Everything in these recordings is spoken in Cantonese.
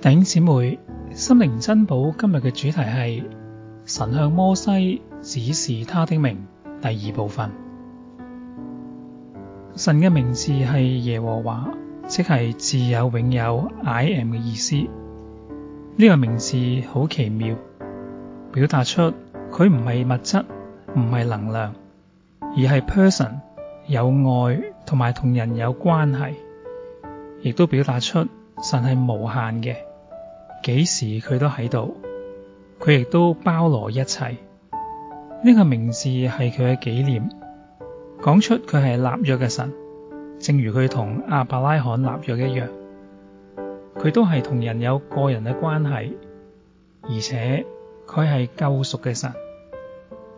頂姊妹，心靈珍寶今日嘅主題係神向摩西指示祂的名第二部分。神嘅名字係耶和華，即係自有永有 I am 嘅意思。呢、這個名字好奇妙，表達出佢唔係物質，唔係能量，而係 person，有愛同埋同人有關係，亦都表達出神係無限嘅。幾時佢都喺度，佢亦都包羅一切。呢個名字係佢嘅紀念，講出佢係立約嘅神，正如佢同亞伯拉罕立約一樣，佢都係同人有個人嘅關係，而且佢係救贖嘅神。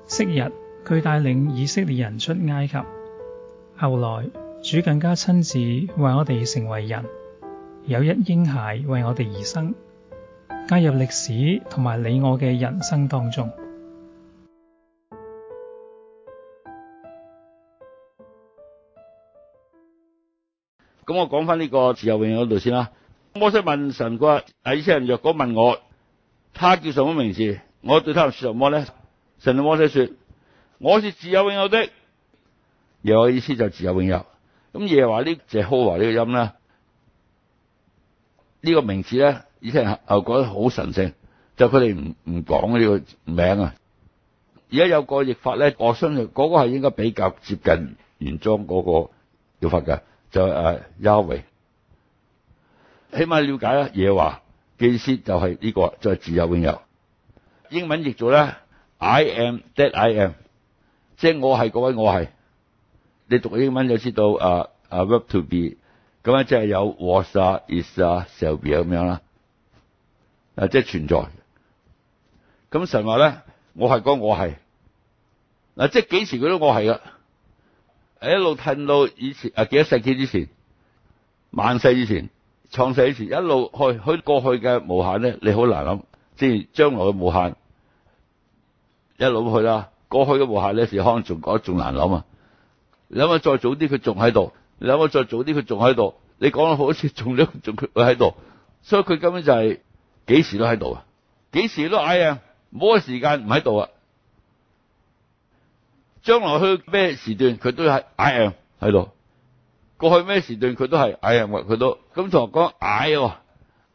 昔日佢帶領以色列人出埃及，後來主更加親自為我哋成為人，有一嬰孩為我哋而生。加入歷史同埋你我嘅人生當中。咁我講返呢個自有永有度先啦。摩西問神佢話：以色列人若果問我，他叫什麼名字？我對他們說什麼咧？神對摩西說：我是自有永有的。而我意思就自有永有。咁耶和華呢隻 ho 呢個音咧，呢、這個名字咧。以前又覺得好神聖，就佢哋唔唔講呢個名啊！而家有一個譯法咧，我相信嗰個係應該比較接近原裝嗰個譯法嘅，就係誒 Yahweh。起碼了解啦，耶華意思就係呢、這個，就係、是、自有永有。英文譯做咧，I am that I am，即係我係嗰位，我係。你讀英文就知道啊啊，verb to be，咁咧即係有 was 啊，is 啊，shall be 咁樣啦。啊！即係存在，咁神話咧，我係講我係嗱，即係幾時佢都我係噶，一路褪到以前啊，幾多世紀之前，萬世以前，創世以前，一路去去過去嘅無限咧，你好難諗。即係將來嘅無限，一路去啦。過去嘅無限咧，時可能仲覺得仲難諗啊！你諗下再早啲，佢仲喺度；你諗下再早啲，佢仲喺度。你講得好似仲仲佢喺度，所以佢根本就係、是。幾時都喺度啊！幾時都 I 啊，冇個時間唔喺度啊。將來去咩時段佢都係 I am 喺度。過去咩時段佢都係 I am 佢都咁同我講 I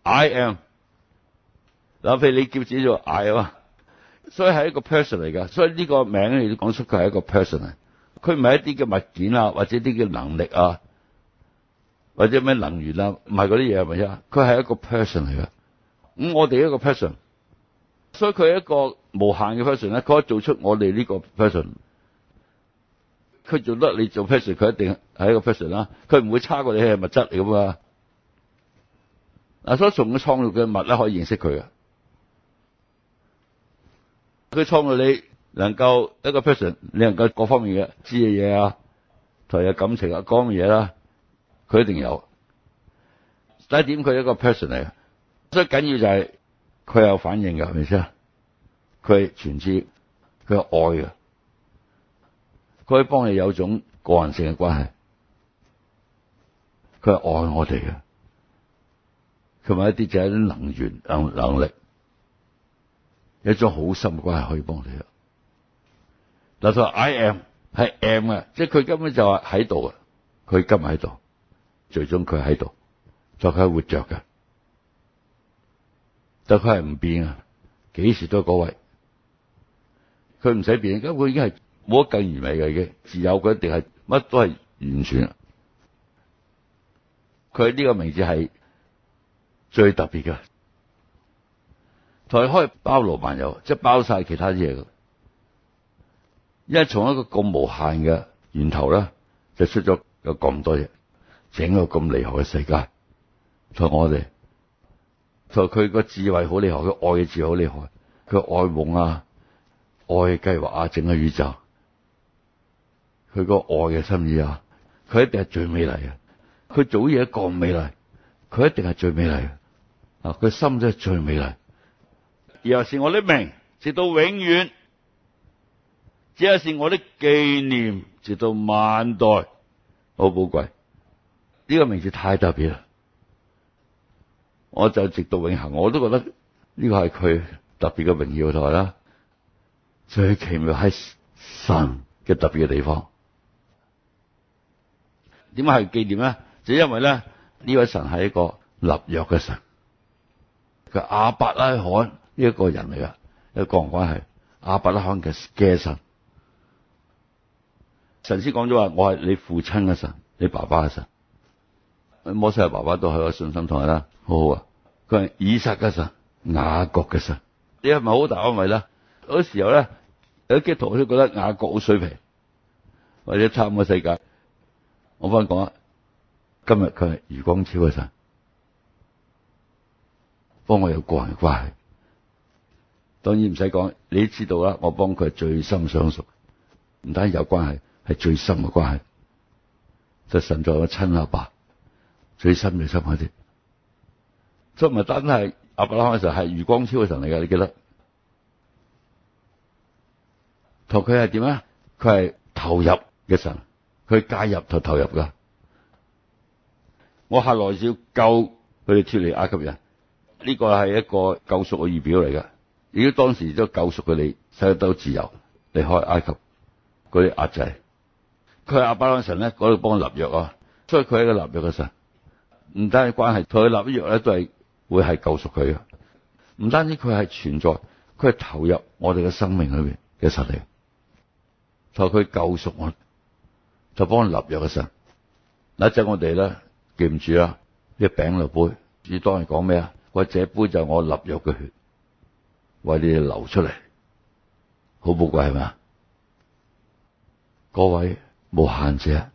I am。嗱，譬如你叫自己做 I 嘛，所以係一個 person 嚟噶。所以呢個名你都講出佢係一個 person。佢唔係一啲嘅物件啊，或者啲嘅能力啊，或者咩能源啊，唔係嗰啲嘢係咪先？佢係一個 person 嚟㗎。咁我哋一個 person，所以佢係一個無限嘅 person 咧，佢可以做出我哋呢個 person，佢做得你做 person，佢一定係一個 person 啦，佢唔會差過你係物質嚟噶嘛。嗱，所以從佢創造嘅物咧，可以認識佢啊。佢創造你能夠一個 person，你能夠各方面嘅知嘅嘢啊，同埋感情啊，講嘅嘢啦，佢一定有。第一點，佢係一個 person 嚟嘅。最緊要就係佢有反應嘅，係咪先？佢係全知佢係愛㗎。佢可以幫你有種個人性嘅關係。佢係愛我哋嘅，佢咪一啲就係啲能源、能能力，一種好深嘅關係可以幫你㗎。嗱，佢話 I am 係 M 啊，即係佢根本就係喺度啊，佢今日喺度，最終佢喺度，再佢係活着嘅。但佢係唔變啊，幾時都係嗰位，佢唔使變，因為佢已經係冇乜更完美嘅，已經自由佢一定係乜都係完全。佢呢個名字係最特別嘅，佢可以包羅萬有，即係包晒其他啲嘢。因為從一個咁無限嘅源頭咧，就出咗有咁多嘢，整個咁厲害嘅世界，同我哋。佢個智慧好厲害，佢愛嘅字好厲害，佢愛夢啊，愛計劃啊，整個宇宙，佢個愛嘅心意啊，佢一定係最美麗嘅，佢早嘢更美麗，佢一定係最美麗嘅，啊，佢心真係最美麗，又是我的名，直到永遠，這也是我的紀念，直到萬代，好寶貴，呢個名字太特別啦。我就直到永恒，我都覺得呢個係佢特別嘅榮耀台啦。最奇妙係神嘅特別嘅地方，點解係紀念咧？就因為咧呢位神係一個立約嘅神，佢亞伯拉罕呢一個人嚟㗎，一個國關係亞伯拉罕嘅嘅神。神師講咗話：我係你父親嘅神，你爸爸嘅神。摩西嘅爸爸都係個信心同台啦，好好啊。佢係以撒嘅神，雅各嘅神，你係咪好大安慰啦？嗰時候咧，有啲基督徒，佢都覺得雅各好水平，或者差唔多世界。我翻講啊，今日佢係余光昭嘅神，幫我有個人嘅關係，當然唔使講，你知道啦。我幫佢係最深相熟。唔單有關係，係最深嘅關係，就神在我親阿爸、爸。最深嘅深刻啲，所以咪真係阿伯拉罕神係余光昭嘅神嚟噶，你記得？同佢係點啊？佢係投入嘅神，佢介入就投入噶。我下來要救佢哋脱離埃及人，呢、這個係一個救贖嘅預表嚟嘅。如果當時都救贖佢哋，使得到自由，離開埃及嗰啲壓制，佢係阿伯拉罕神咧嗰度幫佢立約啊，所以佢係個立約嘅神。唔單係關係，佢立約咧，都係會係救贖佢嘅。唔單止佢係存在，佢係投入我哋嘅生命裏邊嘅神，就佢救贖我，就幫我立約嘅神。嗱，一陣我哋咧記唔住啊？啲餅落杯，你當然講咩啊？呢杯就係我立約嘅血，為你哋流出嚟，好寶貴係嘛？各位，無限者，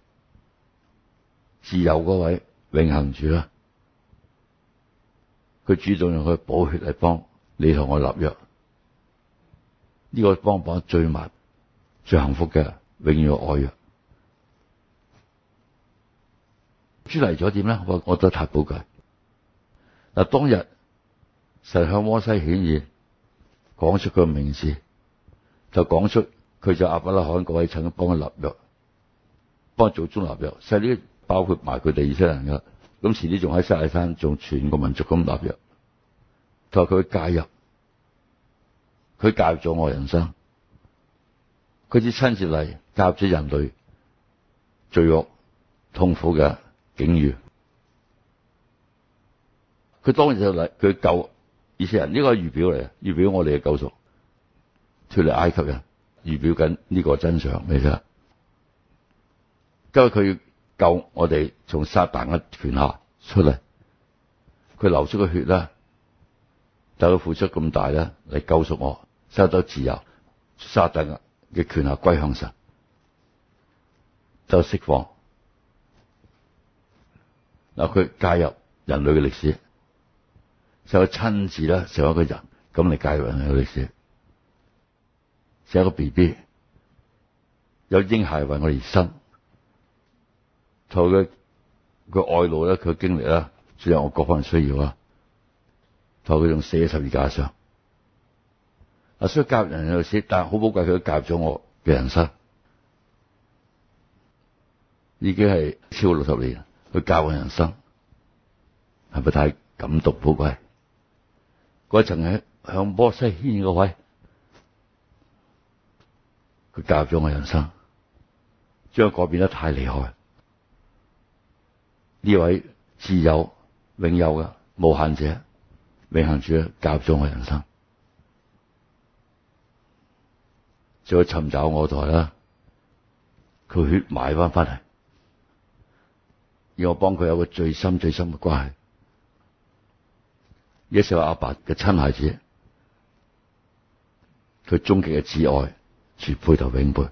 自由，嗰位。永恆住啦！佢主動用佢嘅寶血嚟幫你同我立約。呢、這個幫幫最密、最幸福嘅，永遠愛愛嘅。豬嚟咗點咧？我我真太寶貴。嗱，當日神向摩西顯現，講出佢名字，就講出佢就亞伯拉罕嗰位親幫佢立約，幫我做中立約。實呢？包括埋佢哋以色列人噶，咁遲啲仲喺西奈山，仲全個民族咁納入。佢話佢介入，佢介入咗我人生，佢至親自嚟，介入咗人類罪惡、痛苦嘅境遇。佢當然就嚟佢救以色列人，呢個係預表嚟，預表我哋嘅救贖脫離埃及嘅預表緊呢個真相嚟噶。今日佢。救我哋從撒但嘅權下出嚟，佢流出嘅血呢，但佢付出咁大呢，嚟救贖我，收到自由，撒但嘅權下歸向神，就釋放。嗱，佢介入人類嘅歷史，就親自呢成為一個人，咁嚟介入人類嘅歷史，成一個 B B，有嬰孩為我而生。佢佢外路咧，佢經歷咧，最近我各方需要啊。佢仲寫十二架上啊，所以教人又寫，但係好寶貴，佢教咗我嘅人生已經係超過六十年佢教我人生，係咪太感動寶貴？我曾喺向摩西軒個位，佢教咗我的人生，將我改變得太厲害。呢位自有、永有嘅無限者、永恆主咧，教咗我人生，再尋找我台啦。佢血買翻翻嚟，要我幫佢有個最深最深嘅關係。一個我阿爸嘅親孩子，佢終極嘅摯愛，至背就永背。